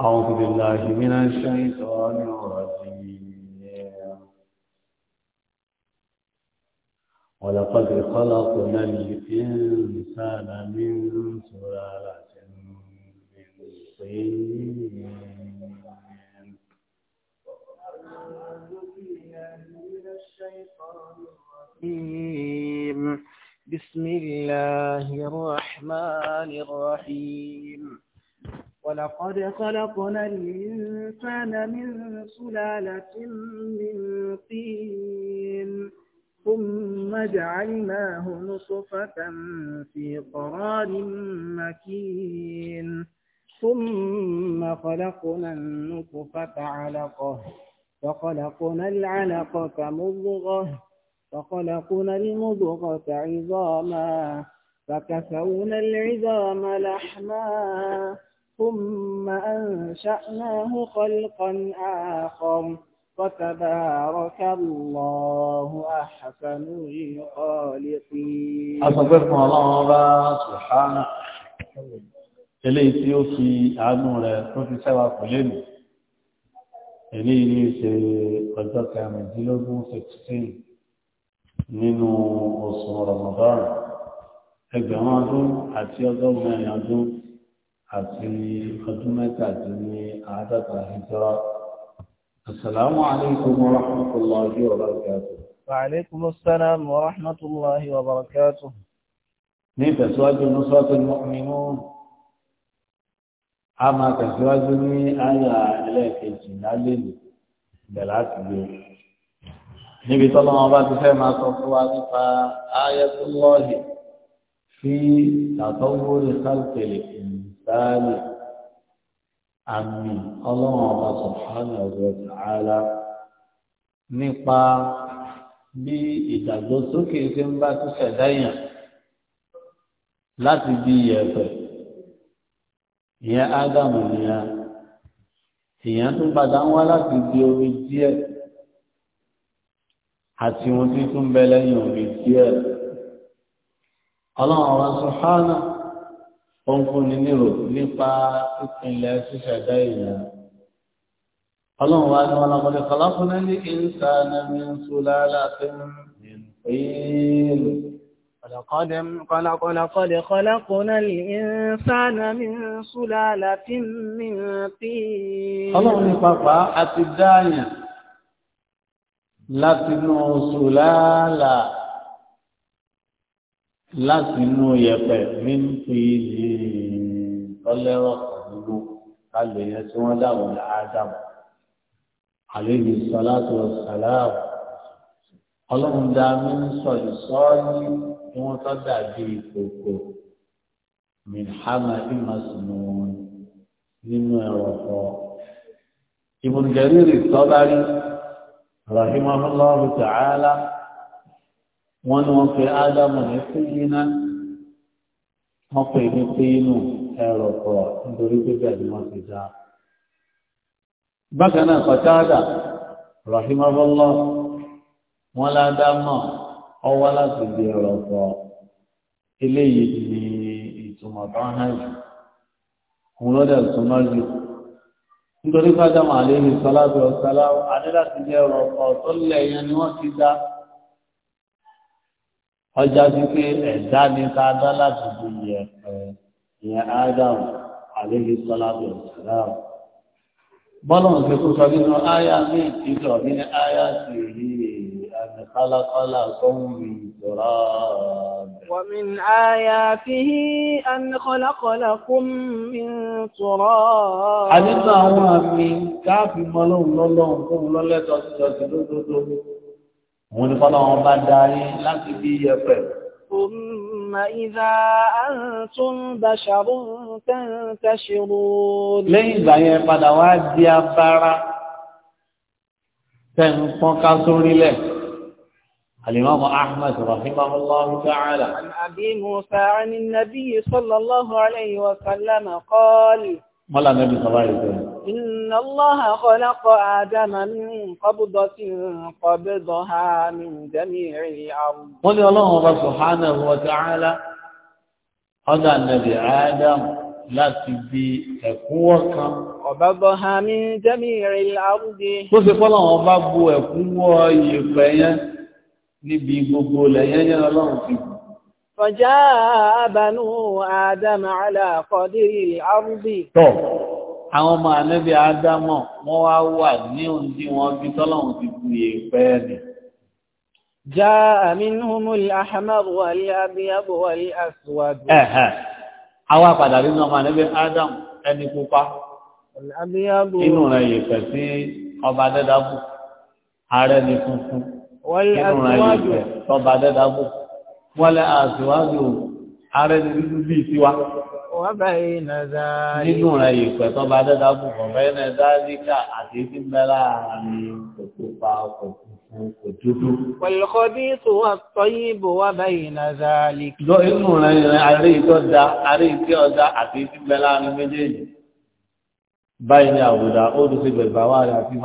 أعوذ بالله من الشيطان الرجيم ولقد خلقنا الإنسان من سلالة من طين بسم الله الرحمن الرحيم ولقد خلقنا الإنسان من سلالة من طين ثم جعلناه نصفة في قرار مكين ثم خلقنا النطفة علقة فخلقنا العلقة مضغة فخلقنا المضغة عظاما فكسونا العظام لحما ثم أنشأناه خلقا آخر فتبارك الله أحسن الخالقين. أصدقكم الله هذا سبحانه. إلي سيوسي عنو لا توفي قليل. إلي سي قلتك عم الجلوبو سكسين. نينو أصور رمضان. أجمعه أتيضا من يجمعه àti ọdún mẹ́tàdínní àádọ́ta hijira. Assalamu alaikum wa rahmatullahi wa barakatuh. Wa alaikum assalam wa rahmatullahi wa barakatuh. Ní ìtẹ̀síwájú Nusratul Mu'minun, a máa tẹ̀síwájú ní àyà ẹlẹ́ẹ̀kejì lálẹ́lẹ̀ bẹ̀rẹ̀ láti gbé. Níbi tọ́lọ́wọ́n bá ti fẹ́ máa sọ fún wa nípa ayatullahi fi tàtọ́wó lè ìsáàlì àmì ọlọ́run ọba sọ̀hánà ọ̀rọ̀ tààlà nípa bí ìdàgbàsókè ṣe ń bá tó ṣẹ̀dá èèyàn láti bí ìyẹ̀pẹ̀ ìyẹn ádámù nìyẹn èèyàn tún padà ń wá láti bí omi díẹ̀ àti ohun tí tún bẹ lẹ́yìn omi díẹ̀ ọlọ́run ọba sọ̀hánà pọ́npọ́n ní rò nípa ìpínlẹ̀ ṣíṣẹ̀dá èèyàn. ọlọ́run wa ni wọn lọ́kọ́lẹ́ kọlọ́kùn ní ìǹsà nàmi ṣùlá láti ìpín. ولقد ولقد خلقنا الإنسان من سلالة من طين. ọlọ́run ní pápá àti dáàyàn látinú sùlálà láti inú yẹ̀pẹ̀ mi ń fi di tọ́lẹ́rọ̀ pẹ̀lú alẹ́ yẹn tí wọ́n dáhùn ádámù àlejò sọláàtò sàláàmù ọlọ́run dá mi ń sọ ìsọ́ọ́lì tí wọ́n tọ́ dàbí ìkòkò mìhàmà ìmàsùnmùn nínú ẹ̀rọ fọ́ ìbùn jẹ́rìí sọ́bárí rahimahullahu ta'ala. wọ́n ní wọ́n pe ádámù ní fíyínà wọ́n pe ní fíyínù ẹ̀rọ pọ̀ nítorí pé ni wọ́n ti dá. bákan náà kọ̀tádà rahimahullah wọ́n ládámù ọwọ́ láti di ẹ̀rọ pọ̀ eléyìí ni ìtumọ̀ tó ń hàn jù òun lọ́dẹ̀ ìtumọ̀ jù nítorí pé ádámù àléhìn bí ọ̀sálá ọjà sí pé ẹ̀dá ni ta dá láti di yẹ̀pẹ̀ ìyẹn ádámù àléhi sọ́lábì ọ̀sẹ̀dáàmù. bọ́lá ń ṣe kó sọ nínú áyá ní ìtìjọ ní áyá sì rí àmì kálákálá sọ́hún mi ìjọra. ومن آياته أن خلق لكم من تراب. àdínà àwọn àmì káàfin mọ́lọ́hún lọ́lọ́hún fún un lọ́lẹ́tọ̀ọ́sí ọ̀sẹ̀ lódodo òun ni kọ́lọ́ wọn bá darí láti bí yẹpẹ̀. Thumma idha antum basharun tantashirun. Lẹ́yìn ìgbà yẹn padà wá di abara tẹ̀ ká sórílẹ̀. الإمام أحمد رحمه الله تعالى عن أبي موسى عن النبي صلى الله عليه وسلم mọ́là nẹ́bí sọ́lá ìfẹ́. Inna Allaha khalaqa Adama min qabdatin qabdaha min jami'il ard. Wọ́n ní ọlọ́run ọba subhanahu wa ta'ala, ọ̀dà nẹ́bí Adam láti bí ẹ̀kúnwọ́ kan. Qabdaha min jami'il ard. Tó ṣe fọ́lọ́ wọn bá ẹ̀kúnwọ́ yìí pẹ̀yẹ́ níbi gbogbo lẹ̀yẹ́ yẹn ọlọ́run ti bù. فجاء بنو آدم على قدر الأرض tọ́ àwọn ọmọ ànábì ádámọ̀ wọ́n wá wà ní ohun tí bí tọ́lọ́hun ti kú yé pẹ́ ni. جاء منهم الأحمر والأبيض والأسود. ẹ̀hẹ̀ àwa padà nínú ọmọ ànábì ádámù ẹni pupa inú rẹ̀ yè pẹ̀ sí ọba dẹ́dàbù ààrẹ ni funfun inú rẹ̀ yè pẹ̀ tọ́ba dẹ́dàbù wọ́n lẹ́ àṣíwájú ààrẹ ní dúdú bí ìsíwá. wọ́n bẹ̀rẹ̀ iná dáa. nínú rẹ̀ ìpẹ́ tó bá dẹ́dá bù kọ̀ bẹ́ẹ̀ náà dáríkà àti tí ń bẹ láàrin kòtò pa ọkọ̀ kò dúdú. pẹ̀lúkọ bí tó wà tọ́yí bò wá bẹ̀rẹ̀ iná dáa lè. lọ inú rẹ̀ ààrẹ ìtọ́ da ààrẹ ìtí ọ̀dà àti tí ń bẹ láàrin méjèèjì. báyìí ni àbùdá ó dùn sí bẹ̀rẹ̀ bá wà rẹ̀ àti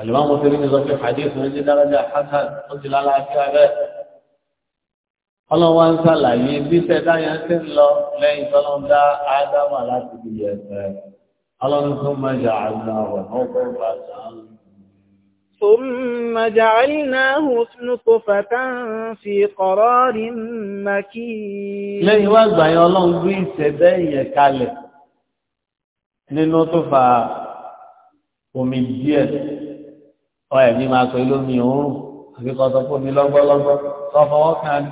àlùmọ́ mo fi rí ní sọ pé hadith ní dídáradà hasan ó ti lálàáfíà bẹ́ẹ̀ ọlọ́wọ́ ń sàlàyé bí sẹ́dá yẹn ti ń lọ lẹ́yìn tó lọ́n dá ádámà láti bí ẹ̀fẹ́ ọlọ́run tó máa jà àgbà wọ̀ ọkọ̀ bàtà ń ثم جعلناه نطفة في قرار مكين lẹ́yìn wá gbà yẹn ọlọ́run gbé ìṣẹ̀dá yẹn kalẹ̀ nínú tó fa omi díẹ̀ ọ ẹ̀mí máa pè lómi òórùn àbí kan sọ fún mi lọ́gbọ́lọ́gbọ́ tó fọwọ́ kan ní.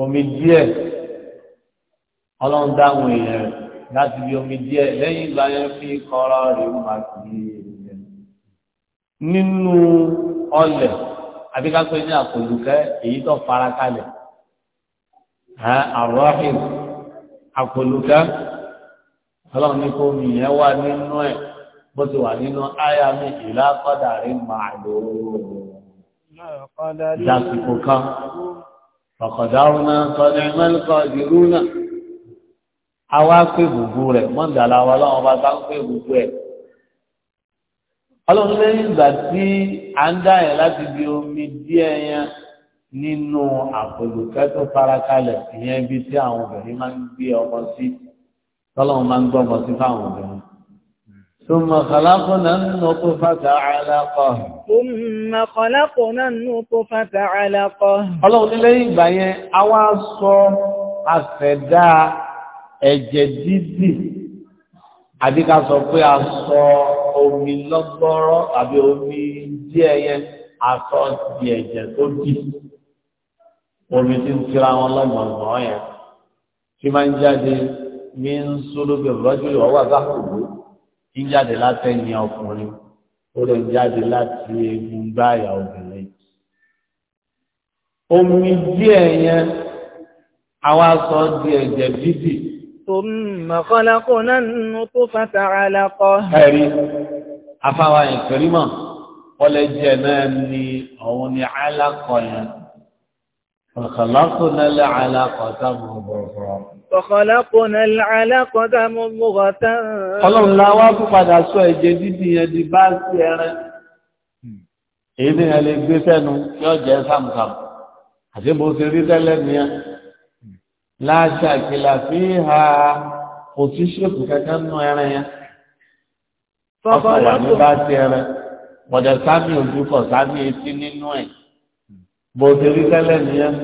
omi díẹ̀ ọlọ́run dáhùn èèyàn rẹ̀ láti bí omi díẹ̀ lẹ́yìn ìgbà yẹn fi kọ́ra rẹ̀ máa kì í e rẹ̀. nínú ọlẹ̀ àbí ká pé ní àkòlùkẹ́ èyí tó fara kalẹ̀ àrọ́hìn àkòlùkẹ́ ọlọ́run ní kó omi yẹn wà nínú ẹ̀ bó ti wà nínú àyà mi ìlà kọ́dà rí màá lò ó dàsìkò kan ọ̀kọ̀dáwọn náà sọ́dọ̀ ìmọ̀lùkọ́ ìdìrú náà àwa pé gbogbo rẹ̀ mọ́ndàlá wa lọ́wọ́ bá bá ń pé gbogbo ẹ̀ ọlọ́run lẹ́yìn ìgbà tí a ń dá yẹn láti bí omi díẹ̀ yẹn nínú àpòlùkẹ́ tó farakalẹ̀ ìyẹn ibi tí àwọn obìnrin máa ń gbé ọmọ sí tọ́lọ́run máa ń gbọ́ ọmọ sí fáwọn obìnrin. ثم خلقنا النطفة علقة ثم خلقنا النطفة علقة Ọlọ́run nílé ìgbà yẹn a wá sọ àfẹ̀dá ẹ̀jẹ̀ dídì àbí ká sọ pé a sọ omi lọ́gbọ́rọ́ àbí omi díẹ̀ yẹn a sọ di ẹ̀jẹ̀ tó dì omi tí ń tira wọn lọ́gbọ̀ngbọ̀n yẹn tí máa ń jáde ní sólógbè rọ́jò ìwọ́wà sáà ń jáde látẹ̀yìn ọkùnrin ó lè jáde láti egun gbáàyà obìnrin. omi díẹ̀ yẹn àwa sọ di ẹ̀jẹ̀ bíbì. ثم خلقنا النطفة علقة ẹ̀rí afáwa ìkírímọ̀ wọ́n lè jẹ́ náà ni òun ni alákọ̀ọ́yàn. فخلقنا العلاقة مضغة فخلقنا العلاقة مضغة Ọlọ́run la wá fún padà sọ ẹ̀jẹ̀ dídì yẹn di bá sí ẹran. Èyí ni ẹ lè gbé sẹ́nu yóò jẹ́ sàmùsàmù. Àti bó ṣe rí tẹ́lẹ̀ nìyẹn. Láṣà kìlà fi ha kò sí ṣèkù kankan nù ẹran yẹn. Ọkọ̀ wà ní bá sí ẹran. Bọ̀dẹ̀ sámi ojú sámi etí nínú ẹ̀ bó ṣe rí tẹ́lẹ̀ nìyẹn.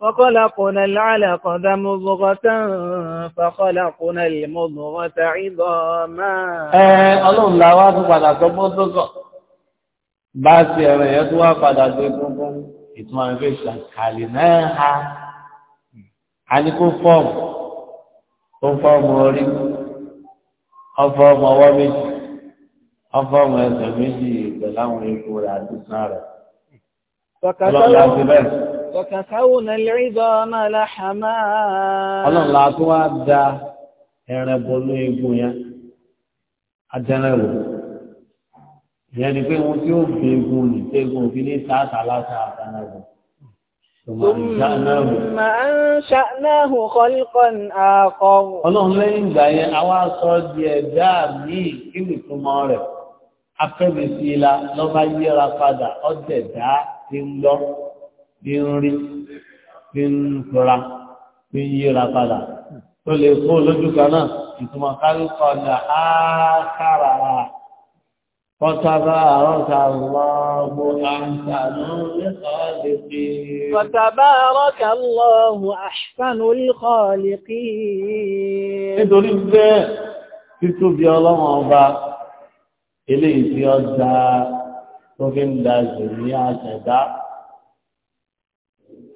فخلقنا العلقة مضغة فخلقنا المضغة عظاما Ọlọ́run la wá tún padà sọ mọ́tòkọ̀. Bá ti ẹ̀rẹ̀ yẹn tó wá padà gbé gbogbo ìtumọ̀ ẹgbẹ́ ìṣàkàlì náà ha. A ní kó fọ́ọ̀mù, kó fọ́ọ̀mù orí, ọfọ́ọ̀mù ọwọ́ méjì, ọfọ́ọ̀mù ẹsẹ̀ méjì pẹ̀láwọn ikú rẹ̀ àti sàn rẹ̀. Wàkàkáwùnà lẹ́rìndọ́ máa láhàmá. Ọlọ́run la tó wá da ẹran bọnú egun yẹn, adẹ́rẹ̀wò. Ìyẹn ni pé wọn tí ó gbé egun nìtẹ́gun òfin ní sáàtà látà àtàrẹ̀wò. ثم أنشأناه خلقا آخر. Ọlọ́run lẹ́yìn ìgbà yẹn, àwa sọ di ẹ̀dá míì kí nìtúmọ̀ rẹ̀. Afẹ́mi sí la, lọ́ba yíra padà, ọ̀dẹ̀dá ti ń gbọ́ ti ń rí ti ń tura ti ń yíra padà tó lè kó lójú kan náà ìtumọ̀ kárí kọjá ákàrà kọtàbà rọ́kà lọ́wọ́ àǹtàlú lẹ́kọ̀ọ́lẹ́kì. kọtàbà rọ́kà lọ́wọ́ àṣánú lẹ́kọ̀ọ́lẹ́kì. nítorí bẹ́ẹ̀ títóbi ọlọ́wọ́n ọba eléyìí tí ó dáa tó fi ń da ìṣòrí àṣẹ̀dá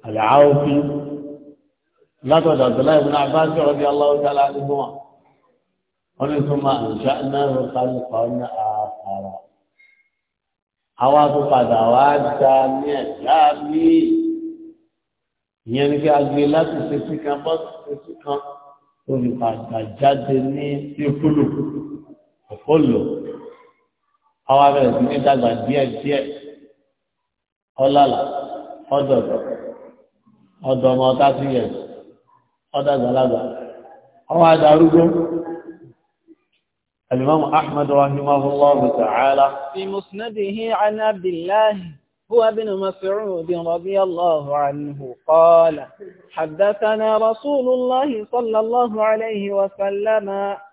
àlàáfí látọ̀dọ̀ àbúlá ìbùnà àbáṣẹ́ ọdí aláwọ̀dálá nínú wọn wọ́n ní tó máa ń ṣá náà ló kálí pàwọn àfàrà àwa tó padà wá dá ní ẹ̀dá mi ìyẹn ni kí a gbé láti ṣe sí kan bọ́ sí sí kan olùpàdà jáde ní síkúlù ọ̀pọ̀lọ̀ àwọn abẹ́rẹ́ sí ní dàgbà díẹ̀ díẹ̀ ọlàlà ọdọ̀dọ̀ ọdọ̀ ọmọ thirty years ọdàgbàlagbà àwọn adarúgbó alimami ahmed rahimahullah ta'ala. fi musnadihi an abdullahi هو بن مسعود رضي الله عنه قال حدثنا رسول الله صلى الله عليه وسلم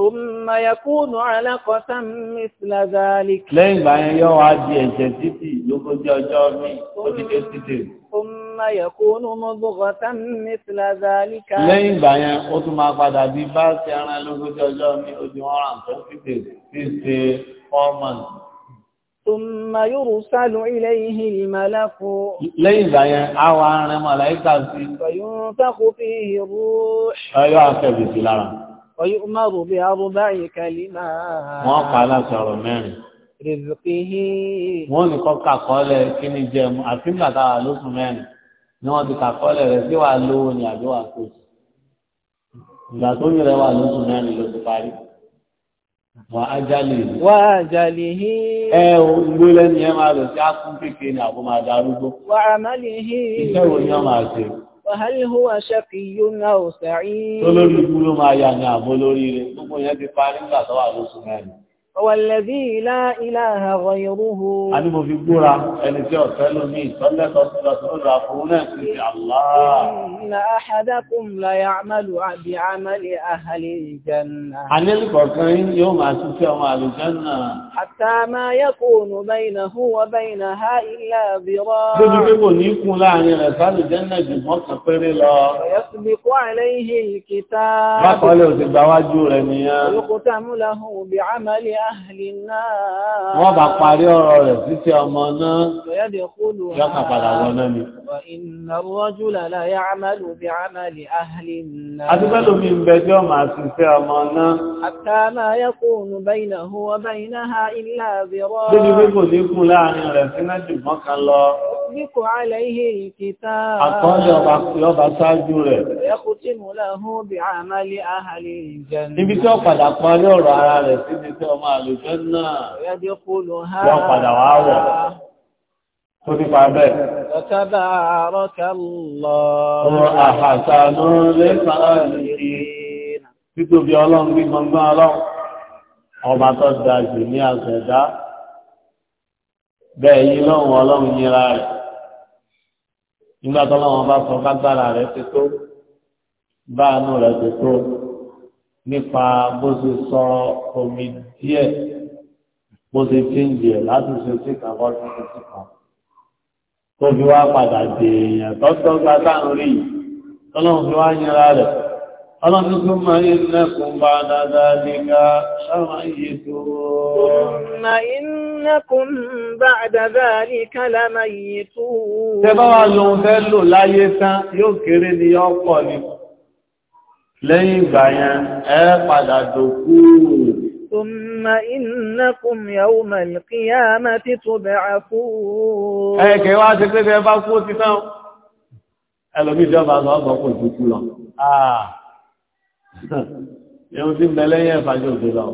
ثم يكون علقة مثل ذلك lẹ́yìn ìgbà yẹn yóò wá di ẹ̀jẹ̀ títì lógójì ọjọ́ mi ó ti dé títì. ثم يكون مضغة مثل ذلك. lẹ́yìn ìgbà yẹn ó tún máa padà bí bá ti ẹran lógójì ọjọ́ mi ó di wọ́n rà tó títì tí ṣe fọ́ọ̀mọ̀n. ثم يرسل إليه الملك. lẹ́yìn ìgbà yẹn á wá rán màláìkà sí. ويؤمر بأربع كلمات وقع لا شعر مين رزقه wọ́n ní kọ́ kàkọ́lẹ̀ kí ni jẹun àfi gbàtà wà lóṣù mẹ́rin ni wọ́n ti kàkọ́lẹ̀ rẹ̀ sí wàá lówó ni àbí wàá tó sí ìgbà tó yẹrẹ wà lóṣù mẹ́rin ló ti parí wà á jálè yìí. wà á jálè yìí. ẹ o ìlú lẹ́nu yẹn máa lọ sí ákún kékeré ni àbó máa darúgbó. wà á má lè yìí. iṣẹ́ wo ni wọ́n máa ṣe. Fàhálì húwà ṣẹ́kì yóò ná ò sàárín. Tó lórí ikú máa yà ní àbó lórí rẹ̀, gbogbo yẹn ti parí nígbà tó wà lóṣù mẹ́rin. والذي لا إله غيره علم في قرى أن تأتلني صلى صلى صلى في الله إن أحدكم لا يعمل بعمل أهل الجنة عن البكرين يوم أسف يوم أهل الجنة حتى ما يكون بينه وبينها إلا براء تجربوا نيكم لا عن الأسال الجنة جمهور كفر الله ويسبق عليه الكتاب ما قاله تبواجه له بعمل wọ́n bá parí ọ̀rọ̀ rẹ̀ títí ọmọ náà yọ́kà padà wọ́n náà ni. Adúgbẹ́lò mi ń bẹ tí ọmọ àti ìfẹ́ ọmọ náà. Àtàmà yẹ́kùnù bẹ́yìnà hùwọ́ bẹ́yìnà ha ilẹ̀ yusabbiqu alayhi al-kitab. Àkọ́lẹ̀ ọba yọba ṣáájú rẹ̀. Yaqtimu lahu bi'amali ahli al-jannah. Níbi tí ó padà parí ọ̀rọ̀ ara rẹ̀ sí ni tí ọmọ àlùjọ náà. Yadkhuluha. Wọ́n padà Ọba tó dájú ní àṣẹ̀dá bẹ́ẹ̀ yí lọ́wọ́ ọlọ́run yíra rẹ̀ nígbà tó láwọn bá sọ kágbára rẹ̀ ti tó báànú rẹ̀ ti tó nípa bó ṣe sọ omi díẹ̀ bó ṣe ti ń jẹ láti ṣe sí kàkọ́ tó ṣe sí kan tó fi wá padà dé èèyàn tọ́tọ́ gba sáà rí tọ́lọ́run fi wá yẹra rẹ̀ ọlọ́run tó máa ń lẹ́kùn bá dáadáa nígbà sáwọn yìí tó innakum ba'da dhalika lamayitun. Tẹ́ bá wá lóun fẹ́ lò láyé tán yóò kéré ní ọ̀pọ̀ ni. Lẹ́yìn ìgbà yẹn, ẹ padà dòkú. Thumma innakum yawma al-qiyamati tub'athun. Ẹ kẹ́ wá ti pé bẹ́ẹ̀ bá kú ti tán. Ẹlòmí ìjọba sọ ọ́gbọ̀n kò ìdúkú lọ. Àà, ẹ̀hún ti bẹ lẹ́yìn ẹ̀fàjọ́ òde lọ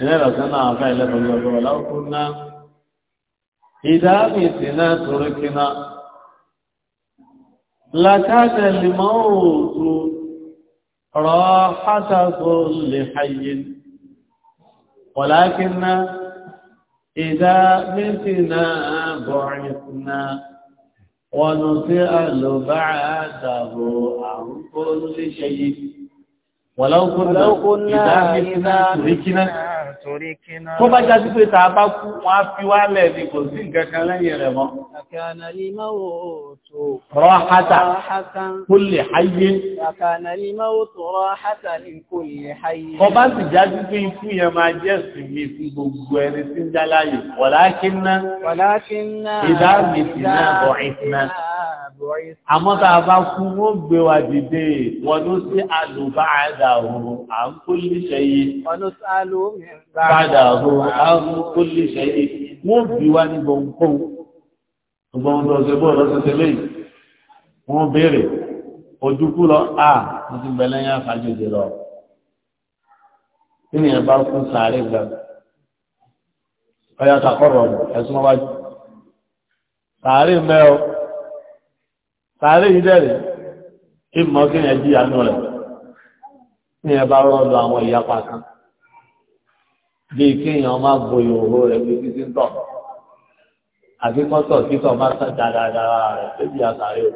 ilé ìrọ̀sán náà fẹ́ ilẹ̀kùn lọ́gbọ̀n ọ̀láwọ̀kún náà ìdáàbì sí náà torí kíná lákàtà lèmọ́ òòtú rọ̀ hátàkó lè hayé wọ̀lákínná ìdáàbì sí náà bọ̀rìsínà wọn tí a lò náà ìdáàbì náà torí Tó bá jáde pé tàà bá kú, wọ́n á fi wá lẹ̀ ní kò sí nǹkan kan lẹ́yìn rẹ̀ mọ́. Rọ́hátà kúlè háyé. Ọba sì jáde pé ikú yẹn máa jẹ́ ìsinmi fún gbogbo ẹni tí ń jáláyè. Wàlákínná, ìdáàmìtì náà bọ̀ Àmọ́ tàà bá kú, wọ́n gbé wa dìde, wọ́n ló sí àlùbáàdà òun, à ń Wọ́n ló sí àlùbáàdà bàdà ọ̀hún àrùn kó lè ṣe é wọ́n bí wá ní gbọ̀ǹkọ́n gbọ̀ǹ lọ́sẹ̀ bọ́ lọ́sẹ̀sẹ̀ lẹ́yìn wọ́n béèrè ojúkú lọ à wọ́n ti bẹ̀lẹ́ yẹn àfàjòjì lọ kí ni ẹ bá fún sàárè gbà ọyà àtàkọ́rọ̀ ẹ̀sùn wọn wájú sàárè mẹ́ o sàárè yìí dẹ̀rẹ̀ kí mọ́ kí ni ẹ jí àánú rẹ̀ kí ẹ bá rọ́ọ̀dọ̀ àwọn ìyapa kan bíi kéèyàn má bo ìhòòhò rẹ̀ bíi títí ń tọ̀ àbí kọ́tọ̀ títọ̀ má sàn dáradára rẹ̀ lóbi àtàrí o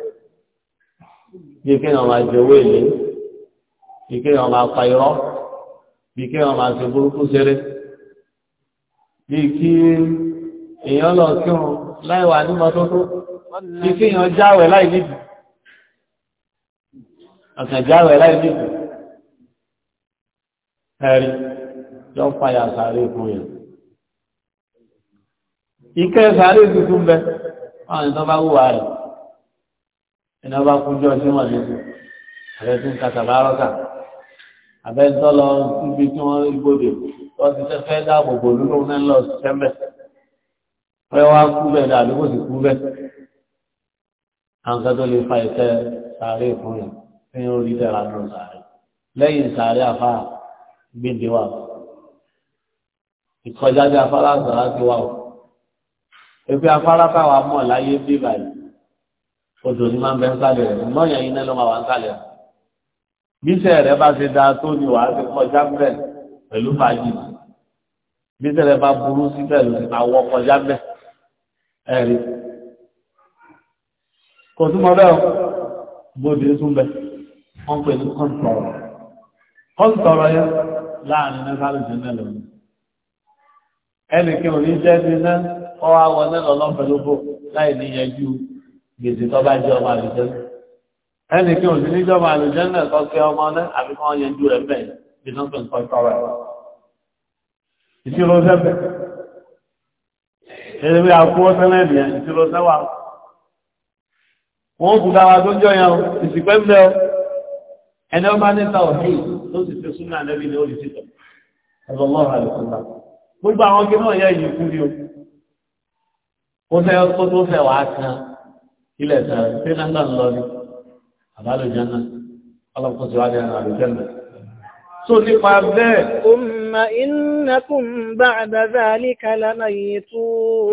bíi kéèyàn máa jẹ owó èlé bíi kéèyàn máa pa irọ́ bíi kéèyàn máa ṣe burúkú ṣeré bíi kí èèyàn lọ kírun láì wà ní mọ́tótó bíi kéèyàn jáwèé láì nídìí ọ̀sán jáwèé láì nídìí ẹ̀rí yọ fàyà sàárè fún yẹn ìkẹ́ sàárè tuntun bẹ wọn ìtàn bá wùwà rẹ̀ iná bá kújọ sí wọn lẹ́sùn ààrẹ tí ń ka tàbárọ́kà àbẹ́ntọ́ lọ ibi tí wọ́n gbòdè wọ́n ti fẹ́ fẹ́ dáàbò bò lórí òun náà lọ ṣiṣẹ́ mbẹ́ pẹ́ wá kú bẹ́ẹ̀ dà àdúgbò sì kú bẹ́ẹ̀ àwọn tó lè fa ìtẹ́ sàárè fún yẹn fi ń rí tẹ̀ra nù sàárè lẹ́yìn sàárè àfà gbèdéwà ìkọjá bí afárá àgbàrá ti wà o ebi afárá káwa mọ̀ láyé bí báyìí odò ní máa ń bẹ ń sálẹ̀ rẹ̀ mọ́ yẹn iná ló máa wà ń sálẹ̀ rẹ̀ bíṣẹ́ rẹ̀ bá ṣe dáa tó ni wàá ti kọjá bẹ́ẹ̀ pẹ̀lú fàájì bíṣẹ́ rẹ̀ bá burú sí pẹ̀lú àwọ̀ kọjá bẹ́ẹ̀ ẹ̀rí kò túmọ̀ bẹ́ẹ̀ o bóde tún bẹ wọ́n pè ní kọ́ńtọ̀rọ̀ kọ́ńtọ̀rọ̀ yẹn láàrin nẹ́sàlẹ̀ jẹ́ mẹ́lẹ̀ ọ̀hún ẹnìkan ò ní jẹ́ ní ná ọ wá wọ náà lọ́lọ́ pẹ̀lú bò láì níyanjú gbèsè tó bá jẹ́ ọmọ àlùjẹ́ ẹnìkan ò sí níjọ́ ọmọ àlùjẹ́ náà kọ́ kí ọmọ náà àbí kọ́ yanjú rẹ̀ bẹ́ẹ̀ bí náà pẹ̀lú kọ́ ìtọ́ra ẹ̀ ìṣirò sẹ́fẹ̀ ẹ̀rẹ́ bí akú ọ́sẹ́lẹ̀ ènìyàn ìṣirò sẹ́wà wọ́n kù dáwà tó jọ yàn ìsìnkẹ́ ń bẹ ọ ẹni ọmọ níta ọ̀hìn ló sì fi súnmọ́ ànẹ́bí ní olùsítọ̀ ọlọ́lọ́ àlùkùnrin gbogbo àwọn kí náà yẹ yìí kú ni o kó fẹ́ kó tó fẹ́ wàá kan ilẹ̀ sàn ṣé náà náà lọ ni àbálòjá náà ọlọ́pàá ti wá ní àlùjá náà. So nípa bẹ́ẹ̀. Ọmọ ìnàkùn bá àdàdà àlíkà lánà yìí tó.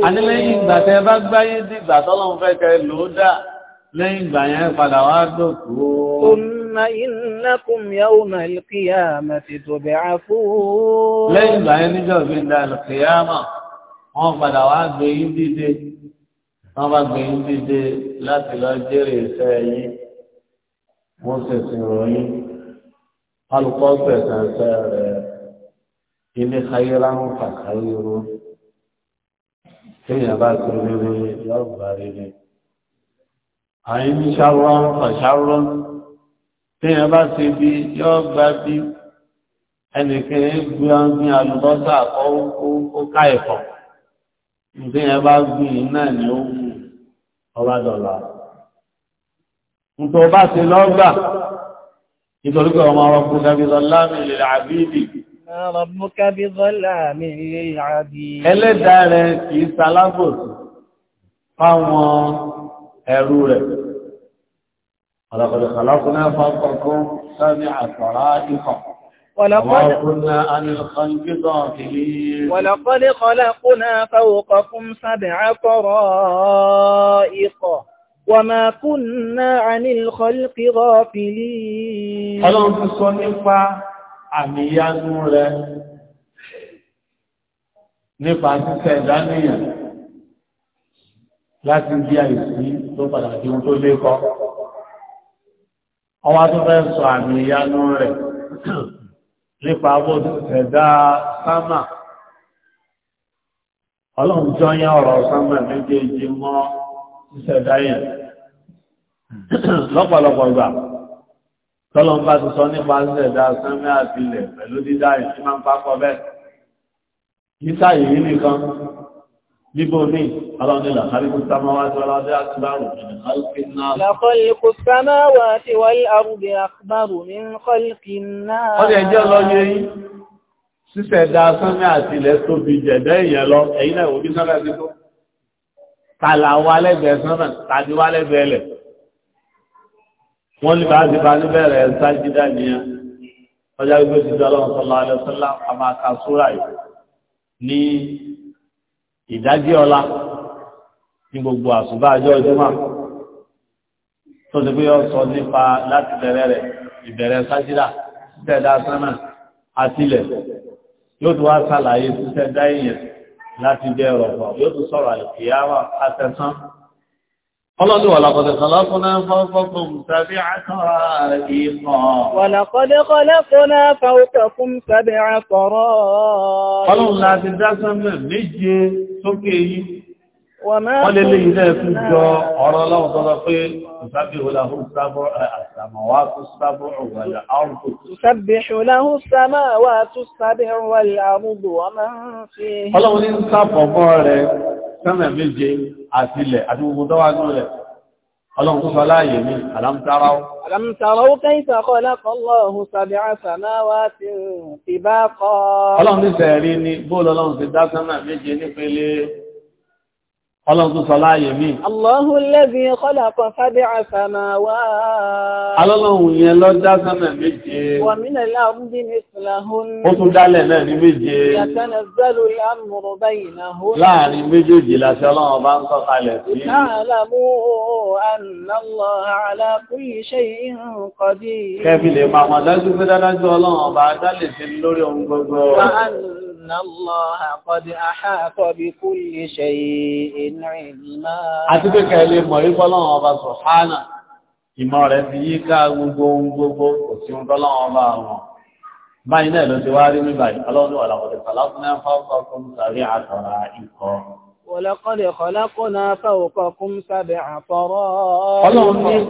A ní lẹ́yìn ìgbà tẹ́ bá gbáyé dìgbà tọ́lọ́run kẹ lòó dà lẹ́yìn ìgbà yẹn padà wá dòkó. Ọmọ ثم إنكم يوم القيامة تبعثون لين بعين جو من القيامة هم بدوات بين دي wọ́n bá gbé yín dídé láti lọ jèrè iṣẹ́ yín wọ́n sì sìn ròyìn alùpùpù fẹ̀sán iṣẹ́ rẹ̀ ilé ayéra ń fàkà ríro téèyàn bá ti rere yọ̀ọ̀gbà rere àyíní ṣàrọ̀ ń fàṣàrọ̀ ń téèyàn bá ṣe bí yọ́ gba bí ẹnìkan gbin àlùbọ́sà kó ká ẹ̀fọ́ téèyàn bá gbin náà ni ó wù ọba dọ̀là nítorí bá ṣe lọ́gbà nítorí pé ọmọ ọrọ̀ kúta bí rẹ̀ kìí salábòsì fáwọn ẹrú rẹ̀. ولقد خلقنا فوقكم سبع طرائق ولقد كنا عن الخلق غافلين ولقد خلقنا فوقكم سبع طرائق وما كنا عن الخلق غافلين Ọlọ́run ti sọ nípa àmì ìyanu rẹ̀ nípa ṣíṣẹ̀ ìdánìyàn láti bí ọwá tó fẹ́ sọ àmì ìyanu rẹ̀ nípa bó ẹ̀dá sámà ọlọ́run tí ó yá ọ̀rọ̀ sámà méjèèjì mọ́ ìṣẹ̀dá yẹn lọ́pọ̀lọpọ̀ ìgbà tọ́lọ́n bá ti sọ nípa ìṣẹ̀dá sámà àti ilẹ̀ pẹ̀lú dídá yìí máa ń pápọ̀ bẹ́ẹ̀ níbo ní aláwọ̀dẹ́là àríkù samáwá tí aláwọ̀dẹ́ àkùbárù ní alfinnáà. Lọ́kọ̀lẹ̀kù samáwá tí wọ́n arúgbẹ̀ àkùbárù ní kọlfinnáà. Wọ́n lè jẹ́ lọ yẹ yí, ṣíṣẹ̀dá sánmẹ́ àti ilẹ̀ tóbi jẹ̀dẹ́ ìyẹn lọ, ẹ̀yìn náà òbí sánmẹ́ àti tó. Tàlà wà lẹ́gbẹ̀ẹ́ sánmẹ́, tàbí wà lẹ́gbẹ̀ẹ́ lẹ̀. Wọ́n lè bá ti bá ní ìdájí ọlá ní gbogbo àsùbá àjọ ìdúmọ̀ tó ti pé ọ sọ nípa láti bẹ̀rẹ̀ rẹ̀ ìbẹ̀rẹ̀ sájídà tẹ̀dá sánà àtìlẹ̀ yóò tún wá sàlàyé títẹ́ dá èèyàn láti jẹ́ ọ̀rọ̀ yóò tún sọ̀rọ̀ àìkìyàwó àtẹ̀sán قال ولقد خلقنا فوقكم سبع طرائق ولقد خلقنا فوقكم سبع طرائق قالوا لا تدعسوا من نجي sókè yìí wọ́n lè lè ilẹ̀ fún jọ ọ̀rọ̀ ọlọ́run tọ́lọ pé ìsábíhù láhú sàmáwàtú sábíhù wàlá àrùdù ọlọ́run ní sábọ̀mọ́ rẹ̀ sánà méje àtìlẹ̀ àti gbogbo ọlọ́run tó sọ láàyè ní alamtarau alamtarau kayfa khalaqa Allahu sab'a samawati tibaqa ọlọ́run ti sẹ̀rí ní bóòlù ọlọ́run ti dá sánmà méje nípele Ọlọ́run tó sọ láàyè mí. Allahu lẹ́bí kọ́lápọ̀ fábí àsàmà wá. Alọ́lọ́run yẹn lọ dá sánmà méje. Wà mílẹ̀ láàrùn bí ní Ìsìláhún. Ó tún dálẹ̀ náà ní méje. Yàtọ̀nà zẹ́rù lámùrù báyìí náà. إن الله قد أحاط بكل شيء علما أتبك إليه مريض الله أبا سبحانه ìmọ̀ rẹ̀ fi yí ká gbogbo ohun gbogbo kò sí ohun tọ́lọ́wọ́ bá wọn báyìí náà ló ti wá rí nígbà ìfọlọ́dún ọ̀làwọ̀dẹ̀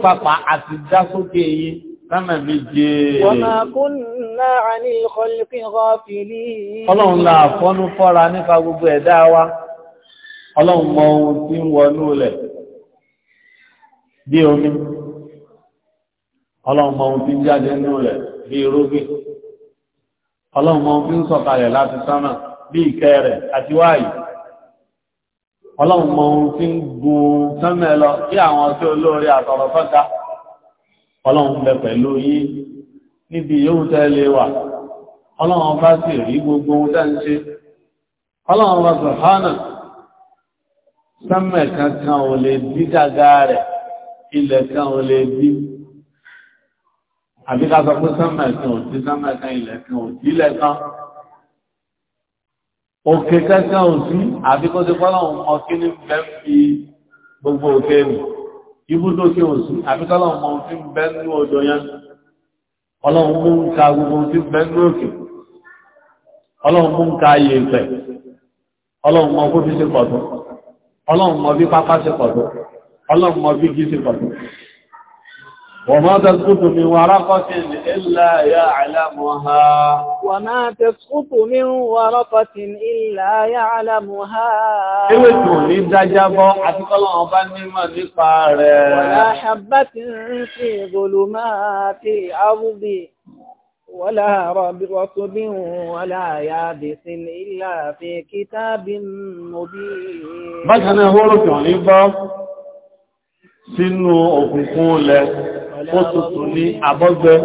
fàlásínà Sámẹ̀ méje. Wa ma kunna 'anil khalqi ghafilin. Ọlọ́run la fọ́nú fọ́ra nípa gbogbo ẹ̀dá wa. Ọlọ́run mọ ohun tí ń wọnú lẹ̀. Bí omi. Ọlọ́run mọ ohun tí ń jáde nínú rẹ̀ bí irúgbìn. Ọlọ́run mọ ohun tí ń sọ̀kalẹ̀ láti sánà bí ìkẹ́ rẹ̀ àti wáyìí ọlọ́run mọ ohun tí ń gun sánmẹ́ lọ bí àwọn tí olóore àtọ̀rọ̀ sọ́ta ọlọ́run bẹ pẹ̀lú yín níbi yóò tẹ́lẹ̀ wà ọlọ́run bá sì rí gbogbo ohun tẹ́ ń ṣe ọlọ́run bá sọ̀hánà sẹ́mẹ̀ kankan ò lè dí dàgá rẹ̀ ilẹ̀ kan ò lè dí àbí ká sọ pé sẹ́mẹ̀ kan ò dí sẹ́mẹ̀ kan ilẹ̀ kan ò dí ilẹ̀ kan òkè kankan ò sí àbí kó ti pọ́lọ́run ọkí ní bẹ́ẹ̀ fi gbogbo òkè mi ibùdó kí o sùn àbíkọ́lọ̀ mọ̀ fi ń bẹ́ ní òjò yẹn ọlọ́run mú ń ka gbogbo fi ń bẹ́ ní òkè ọlọ́run mú ń ka ayé ìfẹ́ ọlọ́run mọ kó fi ṣe bí pápá ṣe pọ̀tọ́ ọlọ́run mọ bí igi ṣe pọ̀tọ́ وما تسقط من ورقة إلا يعلمها وما تسقط من ورقة إلا يعلمها إوتوا للدجابة أتطلع بنما نقار ولا حبة في ظلمات الأرض ولا رطب ولا يابس إلا في كتاب مبين بكنا هو رجعني باب sínú òkùnkùn ó tuntun ní abọ́gbẹ́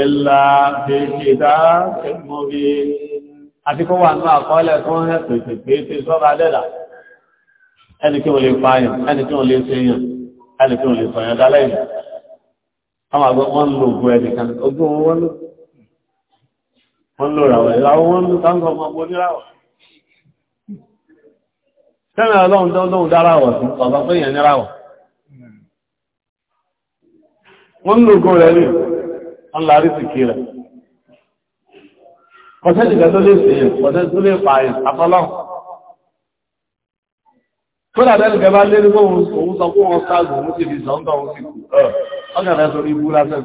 ẹ̀là bèèdà mọ́bí àti kó wà náà kọ́lẹ̀ tó ń rẹ̀ pèsè pèsè sọ́bà dẹ́dà ẹni kí wọ́n lè fààyàn ẹni kí wọ́n lè ṣèyàn ẹni kí wọ́n lè sọ̀yàn dálẹ́yìn àwọn àgbẹ̀ wọ́n lò ògùn ẹnìkan ogún wọn lò wọ́n lò ràwọ̀ ìràwọ̀ wọ́n lò táǹkọ̀ ọmọ oníràwọ̀ tẹ́lẹ̀ ọlọ́run tó lóhun dáráwọ̀ sí ọ̀bá fún èèyàn níràwọ̀ wọ́n ló gún rẹ̀ rí wọ́n lárí sí kí rẹ̀ kọ̀tẹ́jì kẹtọ́ lè sí kọ̀tẹ́jì tó lè pààyàn àfọ́lọ́ tó dàbẹ́ nìkẹ́ bá lé nígbó òun sọ fún wọn sáàgùn òun sì fi sọ ń bá òun sì kú ọ̀gá rẹ̀ sọ ibú lásẹ̀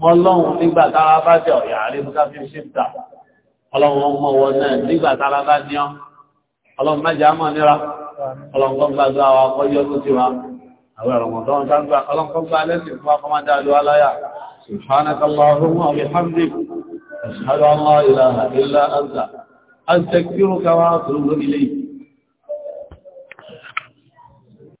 mọ́ lọ́hùn nígbà tára bá jẹ́ ọ̀yà àríwúká fi ṣe tà ọlọ́run ọmọ wọn náà nígbà tára bá ní ọ́ ọlọ́run má jẹ́ àmọ́ nira ọlọ́run kan gba gba àwọn akọ́jọ́ tó ti wa àwọn ọ̀rọ̀mọ̀ tó ń ká gba ọlọ́run kan